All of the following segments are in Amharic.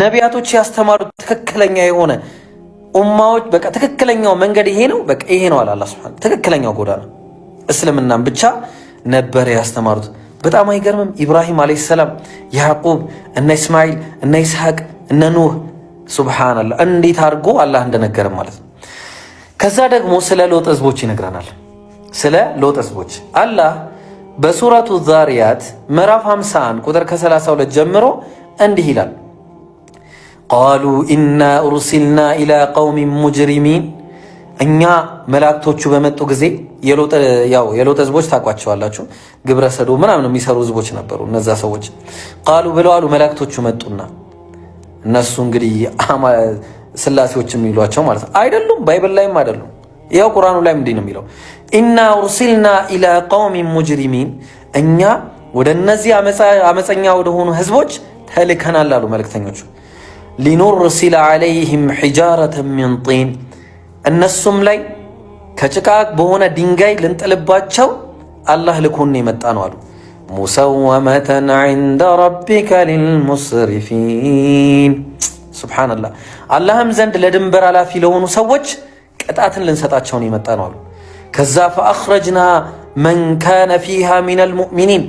ነቢያቶች ያስተማሩት ትክክለኛ የሆነ ኡማዎች በቃ ትክክለኛው መንገድ ይሄ ነው፣ በቃ ይሄ ነው አለ አላህ ሱብሓነሁ ትክክለኛው ጎዳና እስልምናም ብቻ ነበረ ያስተማሩት። በጣም አይገርምም? ኢብራሂም አለይሂ ሰላም፣ ያዕቁብ፣ እነ እስማኤል፣ እነ ይስሐቅ፣ እነ ኑህ ሱብሓነላህ፣ እንዴት አድርጎ አላህ እንደነገረም ማለት ነው። ከዛ ደግሞ ስለ ሎጥ ህዝቦች ይነግረናል። ስለ ሎጥ ህዝቦች አላህ በሱረቱ ዛሪያት ምዕራፍ 51 ቁጥር ከ32 ጀምሮ እንዲህ ይላል ቃሉ ኢና ኡርሲልና ኢላ ቀውሚን ሙጅሪሚን እኛ መላእክቶቹ በመጡ ጊዜ የሎጥ ህዝቦች ታውቋቸዋላችሁ። ግብረ ሰዶ ምናምን የሚሰሩ ህዝቦች ነበሩ። እነዛ ሰዎች ቃሉ ብለው አሉ መላእክቶቹ መጡና እነሱ እንግዲህ ስላሴዎች የሚሏቸው ማለት ነው። አይደሉም፣ ባይብል ላይም አይደሉም። ያው ቁርአኑ ላይም እንዲህ ነው የሚለው ኢና ኡርሲልና ኢላ ቀውሚን ሙጅሪሚን እኛ ወደ እነዚህ አመፀኛ ወደሆኑ ህዝቦች ተልከናል አሉ መልእክተኞቹ። ሊኑርሲለ ዓለይህም ሒጃረተን ሚን ጢን እነሱም ላይ ከጭቃ በሆነ ድንጋይ ልንጥልባቸው አላህ ልኮን የመጣ ነው አሉ። ሙሰወመተን ዐንደ ረቢከ ሊልሙስሪፊን ሱብሓነላህ። አላህም ዘንድ ለድንበር ኃላፊ ለሆኑ ሰዎች ቅጣትን ልንሰጣቸውን የመጣ ነው አሉ። ከዛ ፈአኽረጅና መን ካነ ፊሃ ሚነል ሙእሚኒን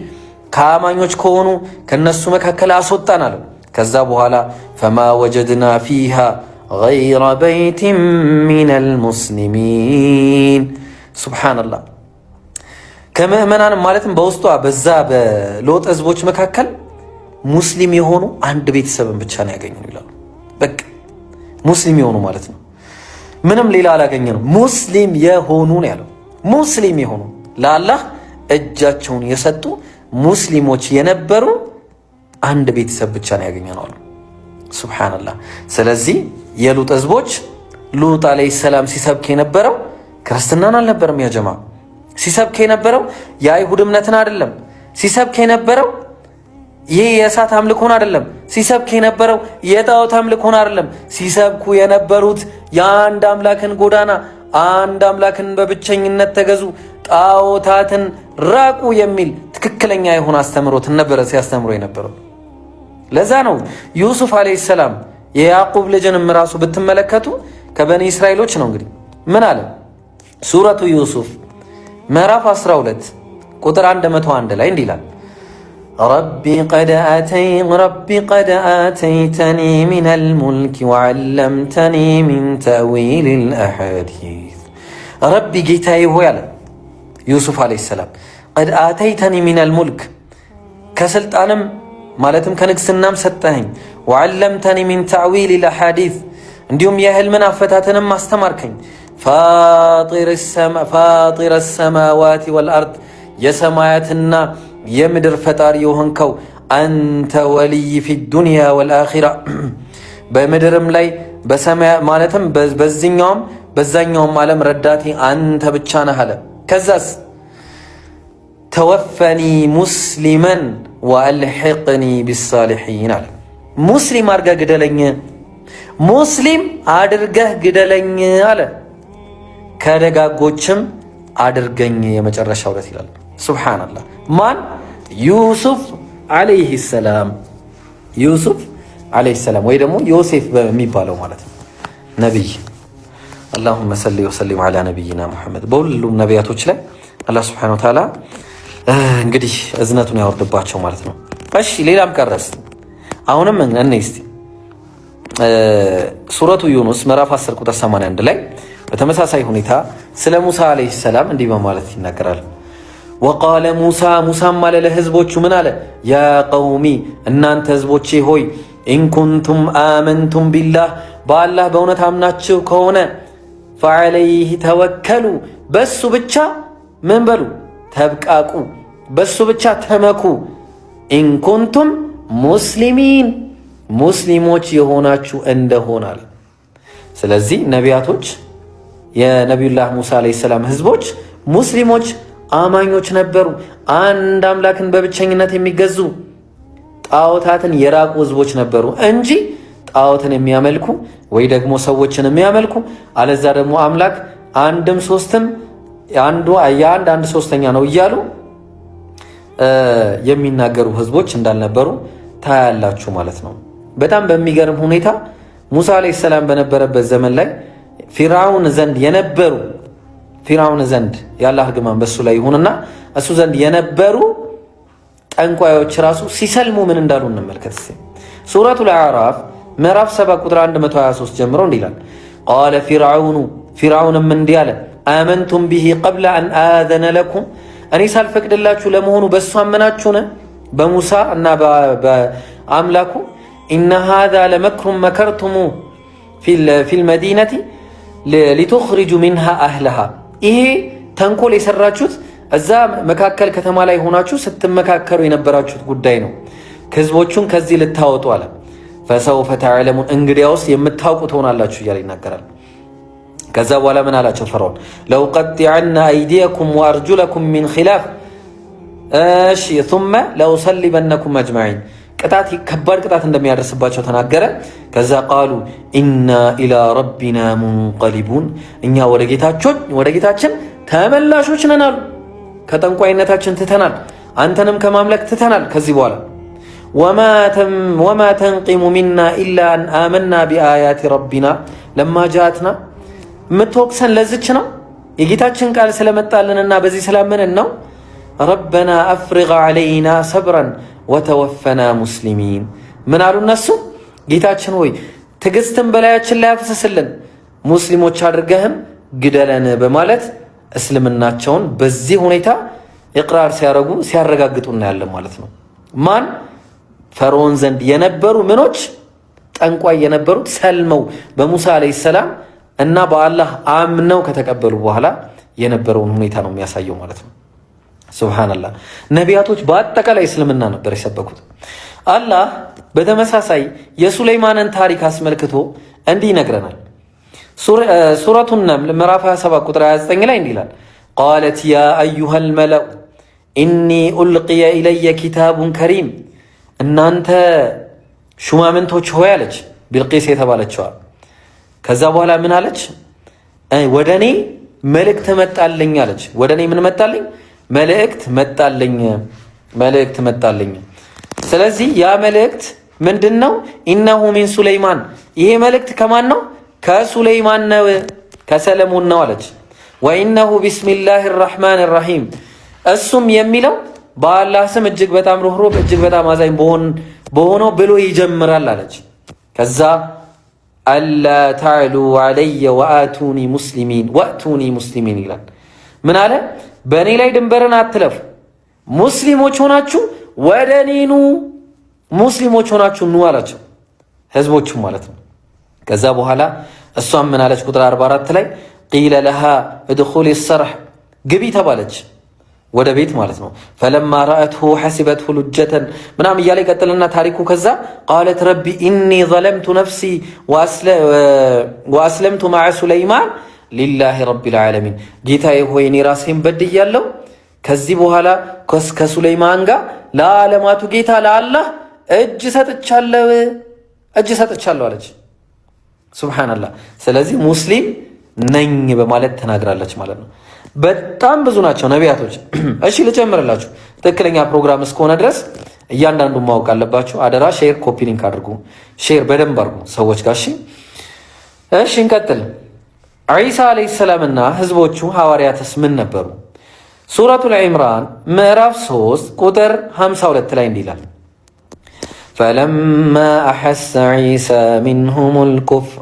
ከአማኞች ከሆኑ ከእነሱ መካከል አስወጣን አለው። ከዛ በኋላ ፈማ ወጀድና ፊሃ ገይረ በይቲን ሚነል ሙስሊሚን። ሱብሓነላህ ከምእመናን ማለትም በውስጧ በዛ በሎጥ ህዝቦች መካከል ሙስሊም የሆኑ አንድ ቤተሰብን ብቻ ነው ያገኘነው ይላሉ። በቃ ሙስሊም የሆኑ ማለት ነው፣ ምንም ሌላ ነው ሙስሊም የሆኑ ነው ያለው። ሙስሊም የሆኑ ለአላህ እጃቸውን የሰጡ ሙስሊሞች የነበሩ አንድ ቤተሰብ ብቻ ነው ያገኘነው አሉ። ሱብሃነላህ። ስለዚህ የሉጥ ህዝቦች ሉጥ አለይሂ ሰላም ሲሰብክ የነበረው ክርስትናን አልነበረም። ያጀማ ሲሰብክ የነበረው የአይሁድ እምነትን አይደለም። ሲሰብክ የነበረው ይህ የእሳት አምልኮን አይደለም። ሲሰብክ የነበረው የጣዖት አምልኮን አይደለም። ሲሰብኩ የነበሩት የአንድ አምላክን ጎዳና፣ አንድ አምላክን በብቸኝነት ተገዙ፣ ጣዖታትን ራቁ የሚል ትክክለኛ የሆነ አስተምሮትን ነበረ ሲያስተምሮ የነበረው። ለዛ ነው ዩሱፍ አለይሂ ሰላም የያዕቁብ ልጅንም ራሱ ብትመለከቱ ከበኒ እስራኤሎች ነው። እንግዲህ ምን አለ ሱረቱ ዩሱፍ ምዕራፍ 12 ቁጥር 101 ላይ እንዲህ ይላል ረቢ ቀድ አተይተኒ ሚነል ሙልክ ወዓለምተኒ ሚን ተዊሊል አሐዲስ ረቢ ጌታዬ ሆይ አለ ዩሱፍ አለይሂ ሰላም ቀድ አተይተኒ ሚነል ሙልክ ከስልጣንም ማለትም ከንግስናም ሰጠኸኝ። ወዓለምተኒ ሚን ተዕዊል ልአሓዲት እንዲሁም የህልምን አፈታትንም አስተማርከኝ። ፋጢረ ሰማዋት ወልአርድ የሰማያትና የምድር ፈጣሪ የሆንከው አንተ ወልይ ፊ ዱንያ ወልአኺራ በምድርም ላይ ማለትም በዚኛውም በዛኛውም ዓለም ረዳቴ አንተ ብቻ ነህ አለ። ከዛስ ተወፈኒ ሙስሊመን ወአልሕቅኒ ቢሳሊሒን አለ። ሙስሊም አድርገህ ግደለኝ፣ ሙስሊም አድርገህ ግደለኝ አለ። ከደጋጎችም አድርገኝ የመጨረሻ ውለት ይላል። ሱብሓነላህ ማን ዩሱፍ ዓለይሂ ሰላም ዩሱፍ ዓለይሂ ሰላም ወይ ደግሞ ዮሴፍ በሚባለው ማለት ነው ነቢይ አላሁመ ሰሊ ወሰሊም ዓላ ነቢይና ሙሐመድ በሁሉም ነቢያቶች ላይ አላህ ሱብሓነሁ ወተዓላ እንግዲህ እዝነቱን ያወርድባቸው ማለት ነው። እሺ ሌላም ቀረ። አሁንም እኔ እስኪ ሱረቱ ዩኑስ ምዕራፍ 10 ቁጥር 81 ላይ በተመሳሳይ ሁኔታ ስለ ሙሳ አለይሂ ሰላም እንዲህ በማለት ይናገራል። ወቃለ ሙሳ ሙሳም አለ ለህዝቦቹ ምን አለ? ያ ቀውሚ እናንተ ህዝቦቼ ሆይ ኢንኩንቱም አመንቱም ቢላህ በአላህ በእውነት አምናችሁ ከሆነ ፈዐለይህ ተወከሉ በሱ ብቻ ምን በሉ ተብቃቁ በሱ ብቻ ተመኩ ኢንኩንቱም ሙስሊሚን ሙስሊሞች የሆናችሁ እንደሆናል። ስለዚህ ነቢያቶች የነቢዩላህ ሙሳ ዓለይሂ ሰላም ህዝቦች ሙስሊሞች አማኞች ነበሩ። አንድ አምላክን በብቸኝነት የሚገዙ ጣዖታትን የራቁ ህዝቦች ነበሩ እንጂ ጣዖትን የሚያመልኩ ወይ ደግሞ ሰዎችን የሚያመልኩ አለዛ ደግሞ አምላክ አንድም ሶስትም የአንድ አንድ ሶስተኛ ነው እያሉ የሚናገሩ ህዝቦች እንዳልነበሩ ታያላችሁ ማለት ነው። በጣም በሚገርም ሁኔታ ሙሳ ዓለይሂ ሰላም በነበረበት ዘመን ላይ ፊራውን ዘንድ የነበሩ ፊራውን ዘንድ ያለ ህግማን በሱ ላይ ይሁንና እሱ ዘንድ የነበሩ ጠንቋዮች ራሱ ሲሰልሙ ምን እንዳሉ እንመልከት። ሱረቱ አዕራፍ ምዕራፍ 7 ቁጥር 123 ጀምሮ እንዲህ ይላል፣ ቃለ ፊርዓውኑ ፊርዓውንም እንዲህ አለ፣ አመንቱም ቢሂ ቀብለ አን አዘነ ለኩም እኔ ሳልፈቅድላችሁ ለመሆኑ በእሱ አመናችሁን? በሙሳ እና በአምላኩ ኢነ ሃዛ ለመክሩም መከርቱሙ ፊልመዲነቲ ሊቱኽሪጁ ሚንሃ አህለሃ ይሄ ተንኮል የሰራችሁት እዛ መካከል ከተማ ላይ ሆናችሁ ስትመካከሩ የነበራችሁት ጉዳይ ነው። ህዝቦቹን ከዚህ ልታወጡ አለ። ፈሰውፈ ተዕለሙን እንግዲያውስ የምታውቁ ትሆናላችሁ እያለ ይናገራል። ከዛ በኋላ ምን አላቸው ፈርዖን ለውቀጢዐነ አይዲየኩም ወአርጁለኩም ሚን ኺላፍ እሺ ثመ ለውሰሊበነኩም አጅመዒን ቅጣት ከባድ ቅጣት እንደሚያደርስባቸው ተናገረ። ከዛ ቃሉ ኢና ኢላ ረቢና ሙንቀሊቡን እኛ ወደ ጌታችን ተመላሾች ነን አሉ። ከጠንቋይነታችን ትተናል፣ አንተንም ከማምለክ ትተናል። ከዚህ በኋላ ወማ ተንቂሙ ሚና ኢላ አን አመና ቢአያቲ ረቢና ለማ ጃአትና የምትወቅሰን ለዝች ነው። የጌታችን ቃል ስለመጣልንና በዚህ ስላመንን ነው። ረበና አፍሪግ አለይና ሰብረን ወተወፈና ሙስሊሚን። ምን አሉ እነሱ? ጌታችን ሆይ ትዕግስትን በላያችን ላይ አፍስስልን ሙስሊሞች አድርገህም ግደለን በማለት እስልምናቸውን በዚህ ሁኔታ ይቅራር ሲያረጉ ሲያረጋግጡ እናያለን ማለት ነው። ማን ፈርዖን ዘንድ የነበሩ ምኖች ጠንቋይ የነበሩት ሰልመው በሙሳ ዓለይሂ ሰላም እና በአላህ አምነው ከተቀበሉ በኋላ የነበረውን ሁኔታ ነው የሚያሳየው ማለት ነው። ሱብሃነላህ ነቢያቶች በአጠቃላይ እስልምና ነበር የሰበኩት። አላህ በተመሳሳይ የሱለይማንን ታሪክ አስመልክቶ እንዲህ ይነግረናል። ሱረቱ ነምል ምዕራፍ 27 ቁጥር 29 ላይ እንዲህ ይላል፣ ቃለት ያ አዩሃል መለኡ ኢኒ ኡልቅየ ኢለየ ኪታቡን ከሪም፣ እናንተ ሹማምንቶች ሆይ አለች ቢልቂስ የተባለችዋል ከዛ በኋላ ምን አለች? ወደ እኔ መልእክት መጣልኝ አለች። ወደ እኔ ምን መጣልኝ? መልእክት መጣልኝ፣ መልእክት መጣልኝ። ስለዚህ ያ መልእክት ምንድን ነው? ኢነሁ ሚን ሱለይማን፣ ይሄ መልእክት ከማን ነው? ከሱለይማን ነው፣ ከሰለሞን ነው አለች። ወኢነሁ ቢስሚላህ ራህማን ራሂም፣ እሱም የሚለው በአላህ ስም እጅግ በጣም ርኅሩህ እጅግ በጣም አዛኝ በሆነው ብሎ ይጀምራል አለች ከዛ አላ ታዕሉ አለየ ወአቱኒ ሙስሊሚን ወአቱኒ ሙስሊሚን ይላል። ምን አለ? በእኔ ላይ ድንበርን አትለፉ፣ ሙስሊሞች ሆናችሁ ወደ እኔኑ ሙስሊሞች ሆናችሁ ኑ አላቸው፣ ህዝቦቹ ማለት ነው። ከዛ በኋላ እሷም ምን አለች? ቁጥር 44 ላይ ቂለ ለሃ እድኹሊ ሰርሕ ግቢ ተባለች። ወደ ቤት ማለት ነው። ፈለማ ረአትሁ ሐሲበትሁ ሉጀተን ምናም እያለ ይቀጥልና ታሪኩ ከዛ ቃለት ረቢ ኢኒ ዘለምቱ ነፍሲ ወአስለምቱ ማዐ ሱለይማን ሊላሂ ረቢል ዓለሚን ጌታዬ ሆይ እኔ ራሴን በድያለሁ፣ ከዚህ በኋላ ከሱለይማን ጋር ለዓለማቱ ጌታ ለአላህ እጅ ሰጥቻለሁ እጅ ሰጥቻለሁ አለች። ሱብሓነላህ። ስለዚህ ሙስሊም ነኝ በማለት ተናግራለች ማለት ነው። በጣም ብዙ ናቸው ነቢያቶች። እሺ ልጨምርላችሁ፣ ትክክለኛ ፕሮግራም እስከሆነ ድረስ እያንዳንዱ ማወቅ አለባችሁ። አደራ ሼር፣ ኮፒ ሊንክ አድርጉ፣ ሼር በደንብ አድርጉ ሰዎች ጋር። እሺ እንቀጥል። ዒሳ ዓለይሂ ሰላምና ህዝቦቹ ሐዋርያትስ ምን ነበሩ? ሱረቱል ዒምራን ምዕራፍ 3 ቁጥር 52 ላይ እንዲህ ይላል ፈለማ አሐሰ ዒሳ ሚንሁሙል ልኩፍር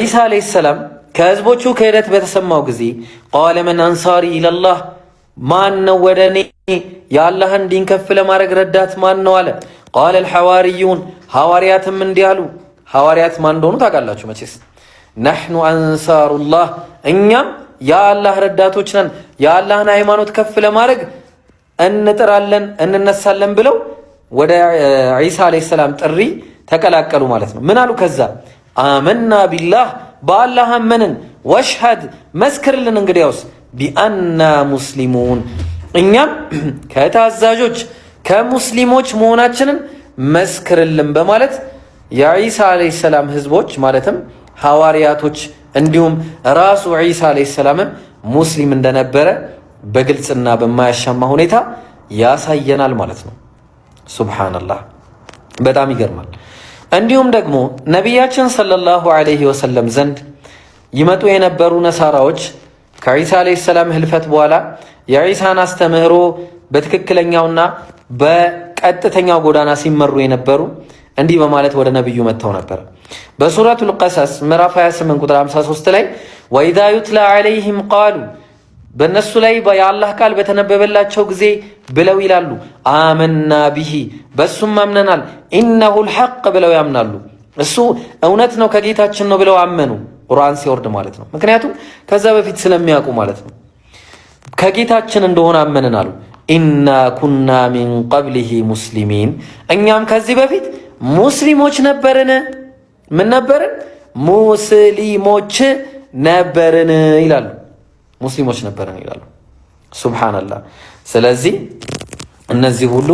ዒሳ ዓለይሂ ሰላም ከህዝቦቹ ክህደት በተሰማው ጊዜ ቃለ መን አንሳሪ ኢለላህ፣ ማን ነው ወደ እኔ የአላህን ዲን ከፍ ለማድረግ ረዳት ማን ነው አለ። ቃለ ልሐዋርዩን፣ ሐዋርያትም እንዲህ አሉ። ሐዋርያት ማን እንደሆኑ ታውቃላችሁ መቼስ። ነሕኑ አንሳሩላህ፣ እኛም የአላህ ረዳቶች ነን፣ የአላህን ሃይማኖት ከፍ ለማድረግ እንጥራለን እንነሳለን ብለው ወደ ዒሳ ዓለይሂ ሰላም ጥሪ ተቀላቀሉ ማለት ነው። ምን አሉ ከዛ አመና ቢላህ በአላህ አመንን። ወሽሀድ መስክርልን። እንግዲያውስ ቢአና ሙስሊሙን እኛም ከታዛዦች ከሙስሊሞች መሆናችንን መስክርልን በማለት የዒሳ ዓለይሂ ሰላም ህዝቦች ማለትም ሐዋርያቶች እንዲሁም ራሱ ዒሳ ዓለይሂ ሰላምም ሙስሊም እንደነበረ በግልጽና በማያሻማ ሁኔታ ያሳየናል ማለት ነው። ሱብሓነላህ በጣም ይገርማል። እንዲሁም ደግሞ ነቢያችን ሰለላሁ ዐለይሂ ወሰለም ዘንድ ይመጡ የነበሩ ነሳራዎች ከዒሳ አለይሂ ሰላም ህልፈት በኋላ የዒሳን አስተምህሮ በትክክለኛውና በቀጥተኛው ጎዳና ሲመሩ የነበሩ እንዲህ በማለት ወደ ነብዩ መጥተው ነበር። በሱረቱል ቀሰስ ምዕራፍ 28 ቁጥር 53 ላይ ወኢዛ ዩትላ አለይህም ቃሉ በእነሱ ላይ የአላህ ቃል በተነበበላቸው ጊዜ ብለው ይላሉ፣ አመና ቢሂ በእሱም አምነናል። ኢነሁ ልሐቅ ብለው ያምናሉ፣ እሱ እውነት ነው ከጌታችን ነው ብለው አመኑ። ቁርአን ሲወርድ ማለት ነው። ምክንያቱም ከዛ በፊት ስለሚያውቁ ማለት ነው። ከጌታችን እንደሆነ አመንን አሉ። ኢና ኩና ሚን ቀብሊሂ ሙስሊሚን፣ እኛም ከዚህ በፊት ሙስሊሞች ነበርን። ምን ነበርን? ሙስሊሞች ነበርን ይላሉ ሙስሊሞች ነበርን ይላሉ። ሱብሓነላህ። ስለዚህ እነዚህ ሁሉ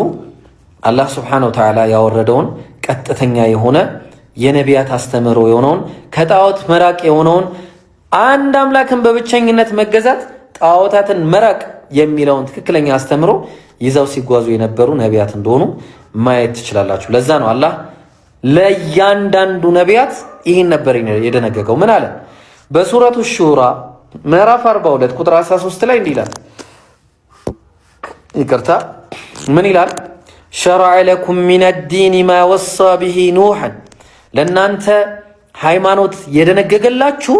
አላህ ስብሓነሁ ወተዓላ ያወረደውን ቀጥተኛ የሆነ የነቢያት አስተምህሮ የሆነውን ከጣዖት መራቅ የሆነውን አንድ አምላክን በብቸኝነት መገዛት ጣዖታትን መራቅ የሚለውን ትክክለኛ አስተምሮ ይዘው ሲጓዙ የነበሩ ነቢያት እንደሆኑ ማየት ትችላላችሁ። ለዛ ነው አላህ ለእያንዳንዱ ነቢያት ይህን ነበር የደነገገው። ምን አለ በሱረቱ ሹራ ምዕራፍ 42 ቁጥር 13 ላይ እንዲህ ይላል። ይቅርታ ምን ይላል? ሸረዐ ለኩም ሚነ ዲን ማ ወሳ ብሂ ኑሐን ለእናንተ ሃይማኖት የደነገገላችሁ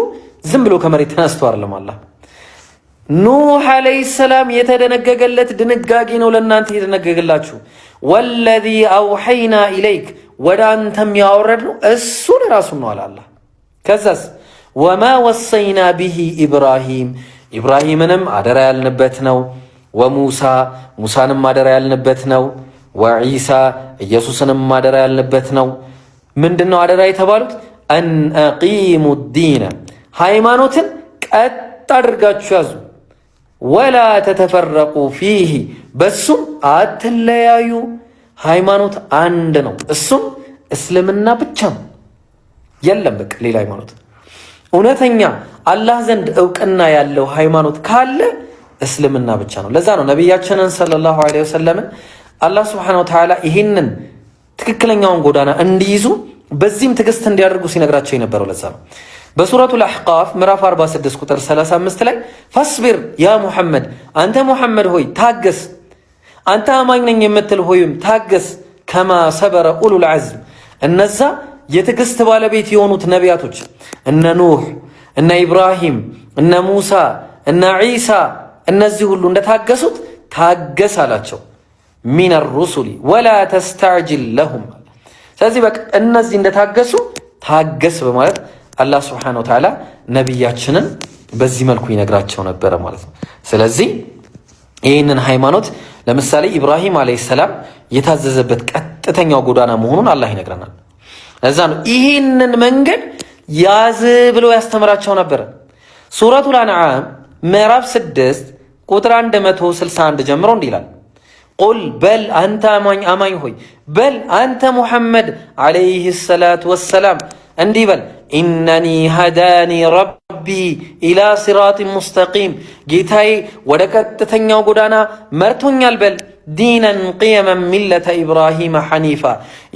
ዝም ብሎ ከመሬት ተነስቶ አይደለም። አላህ ኑህ ዓለይሂ ሰላም የተደነገገለት ድንጋጌ ነው ለእናንተ የደነገገላችሁ። ወለዚ አውሐይና ኢለይክ ወደ አንተም ያወረድነው እሱን ራሱን ነው አለ አላህ ከዛስ ወማ ወሰይና ቢሂ ኢብራሂም ኢብራሂምንም አደራ ያልንበት ነው። ወሙሳ ሙሳንም አደራ ያልንበት ነው። ወዒሳ ኢየሱስንም አደራ ያልንበት ነው። ምንድን ነው አደራ የተባሉት? አን አቂሙ ዲነ ሃይማኖትን ቀጥ አድርጋችሁ ያዙ። ወላ ተተፈረቁ ፊህ በሱም አትለያዩ። ሃይማኖት አንድ ነው፣ እሱም እስልምና ብቻ ነው። የለም በቃ ሌላ ሃይማኖት እውነተኛ አላህ ዘንድ እውቅና ያለው ሃይማኖት ካለ እስልምና ብቻ ነው። ለዛ ነው ነቢያችንን ሰለላሁ ዐለይሂ ወሰለምን አላህ ስብሐነሁ ወተዓላ ይህንን ትክክለኛውን ጎዳና እንዲይዙ በዚህም ትዕግስት እንዲያደርጉ ሲነግራቸው የነበረው ለዛ ነው። በሱረቱ ልአሕቃፍ ምዕራፍ 46 ቁጥር 35 ላይ ፈስቢር ያ ሙሐመድ፣ አንተ ሙሐመድ ሆይ ታገስ፣ አንተ አማኝ ነኝ የምትል ሆይም ታገስ፣ ከማ ሰበረ ኡሉል ዐዝም እነዛ የትዕግስት ባለቤት የሆኑት ነቢያቶች እነ ኑህ፣ እነ ኢብራሂም፣ እነ ሙሳ፣ እነ ዒሳ እነዚህ ሁሉ እንደታገሱት ታገስ አላቸው። ሚን ሩሱሊ ወላ ተስተዕጅል ለሁም። ስለዚህ በቃ እነዚህ እንደታገሱ ታገስ በማለት አላህ ስብሓነሁ ወተዓላ ነቢያችንን በዚህ መልኩ ይነግራቸው ነበረ ማለት ነው። ስለዚህ ይህንን ሃይማኖት ለምሳሌ ኢብራሂም ዓለይሂ ሰላም የታዘዘበት ቀጥተኛው ጎዳና መሆኑን አላህ ይነግረናል። ለዛ ነው ይሄንን መንገድ ያዝ ብሎ ያስተምራቸው ነበር። ሱረቱል አንዓም ምዕራፍ 6 ቁጥር 161 ጀምሮ እንዲህ ይላል፣ ቁል በል አንተ አማኝ ሆይ በል አንተ ሙሐመድ ዓለይህ ሰላት ወሰላም እንዲህ በል ኢነኒ ሀዳኒ ረቢ ኢላ ሲራጢን ሙስተቂም ጌታዬ ወደ ቀጥተኛው ጎዳና መርቶኛል በል ዲነን ቅየመን ሚለተ ኢብራሂመ ሐኒፋ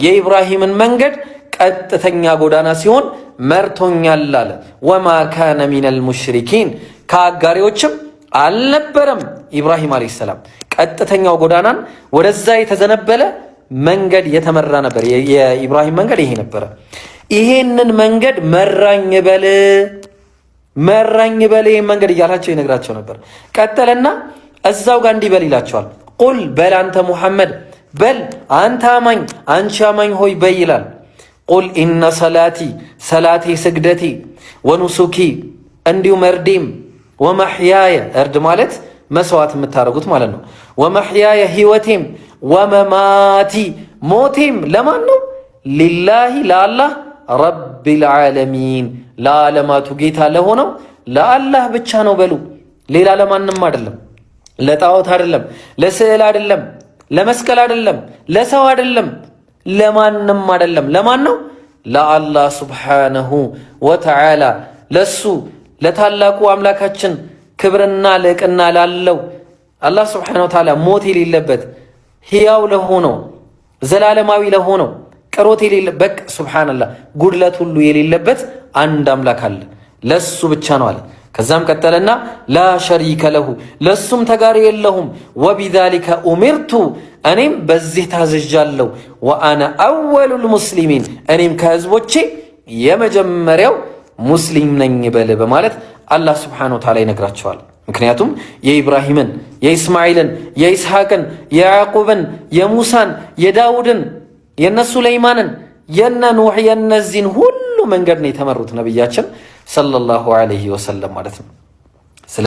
የኢብራሂምን መንገድ ቀጥተኛ ጎዳና ሲሆን መርቶኛል አለ። ወማ ካነ ሚነል ሙሽሪኪን ከአጋሪዎችም አልነበረም። ኢብራሂም ዓለይሂ ሰላም ቀጥተኛው ጎዳናን ወደዛ የተዘነበለ መንገድ የተመራ ነበር። የኢብራሂም መንገድ ይሄ ነበረ። ይሄንን መንገድ መራኝ በል መራኝ በል ይህን መንገድ እያላቸው ይነግራቸው ነበር። ቀጠለና እዛው ጋር እንዲህ በል ይላቸዋል። ቁል በል አንተ ሙሐመድ በል አንተ አማኝ አንቺ አማኝ ሆይ በይ ይላል ቁል ኢነ ሰላቲ ሰላቴ ስግደቴ ወኑሱኪ እንዲሁም መርዴም ወመሕያየ እርድ ማለት መስዋዕት የምታደርጉት ማለት ነው። ወመሕያየ ህይወቴም ወመማቲ ሞቴም ለማን ነው? ሊላሂ ለአላህ ረቢል ዓለሚን ለዓለማቱ ጌታ ለሆነው ለአላህ ብቻ ነው በሉ። ሌላ ለማንም አይደለም። ለጣዖት አይደለም፣ ለስዕል አይደለም፣ ለመስቀል አይደለም፣ ለሰው አይደለም። ለማንም አይደለም። ለማን ነው? ለአላህ ሱብሓነሁ ወተዓላ ለሱ ለታላቁ አምላካችን ክብርና ልቅና ላለው አላህ ሱብሓነሁ ወተዓላ ሞት የሌለበት ሕያው ለሆነው ዘላለማዊ ለሆነው ቅሮት የሌለ በቅ ሱብሓነላህ ጉድለት ሁሉ የሌለበት አንድ አምላክ አለ። ለሱ ብቻ ነው አለ። ከዛም ቀጠለና ላ ሸሪከ ለሁ ለሱም ተጋሪ የለሁም ወቢዛሊከ ኡሚርቱ እኔም በዚህ ታዝዣለሁ። ወአነ አወሉል ሙስሊሚን እኔም ከህዝቦቼ የመጀመሪያው ሙስሊም ነኝ በል በማለት አላህ ስብሓነሁ ወተዓላ ይነግራቸዋል። ምክንያቱም የኢብራሂምን፣ የኢስማኤልን፣ የኢስሐቅን፣ የያዕቁብን፣ የሙሳን፣ የዳውድን፣ የነ ሱለይማንን፣ የነ ኑሕ የነዚህን ሁሉ መንገድ ነው የተመሩት ነቢያችን ሰለላሁ ዐለይሂ ወሰለም ማለት ነው።